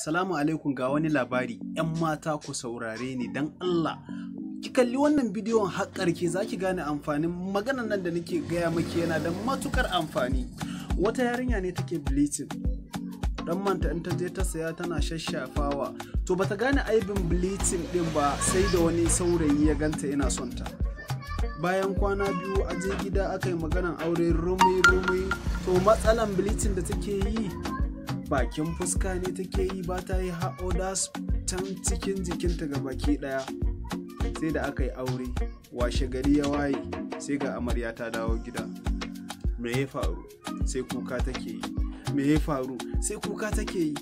salamu alaikum ga wani labari 'yan mata ku saurare ni don Allah ki kalli wannan bidiyon haƙarke za ki gane amfanin maganan nan da nake gaya maki yana da matukar amfani wata yarinya ne take bleaching dan manta in ta je ta saya tana shashafawa to bata gane aibin bleaching ɗin ba sai da wani saurayi ya ganta yana son ta bayan kwana biyu a je gida aka yi maganan aure rumi rumi to matsalan bleaching da take yi bakin fuska ne take yi ba ta yi haoda can cikin jikinta ga baki ɗaya sai da aka yi aure washe gari ya waye sai ga amarya ta dawo gida me ya faru sai kuka take yi me ya faru sai kuka take yi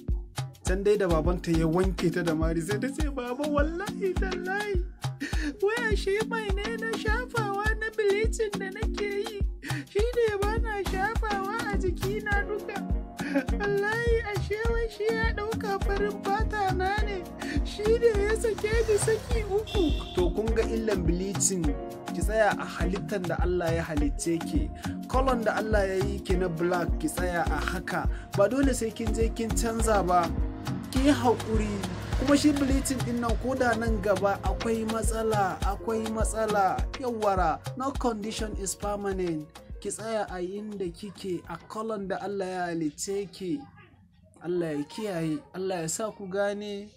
can dai da babanta ya wanke ta da mari sai ta ce baba wallahi tallahi waya shi mai ne na shafawa na bilicin da nake yi shi ne ba na shafawa a jikina duka shi ya ɗauka farin fata na ne shi ne ya sake ni saki uku to kun ga illan bleaching ki tsaya a halittar da Allah ya halicce ki kolon da Allah ya yi ki na black ki tsaya a haka ba dole sai kin je kin canza ba ki haƙuri kuma shi bleaching din nan da nan gaba akwai matsala akwai matsala yawara no condition is permanent ki tsaya a inda kike a kolon da Allah ya halicce ki Allah ya kiyaye Allah ya sa ku gane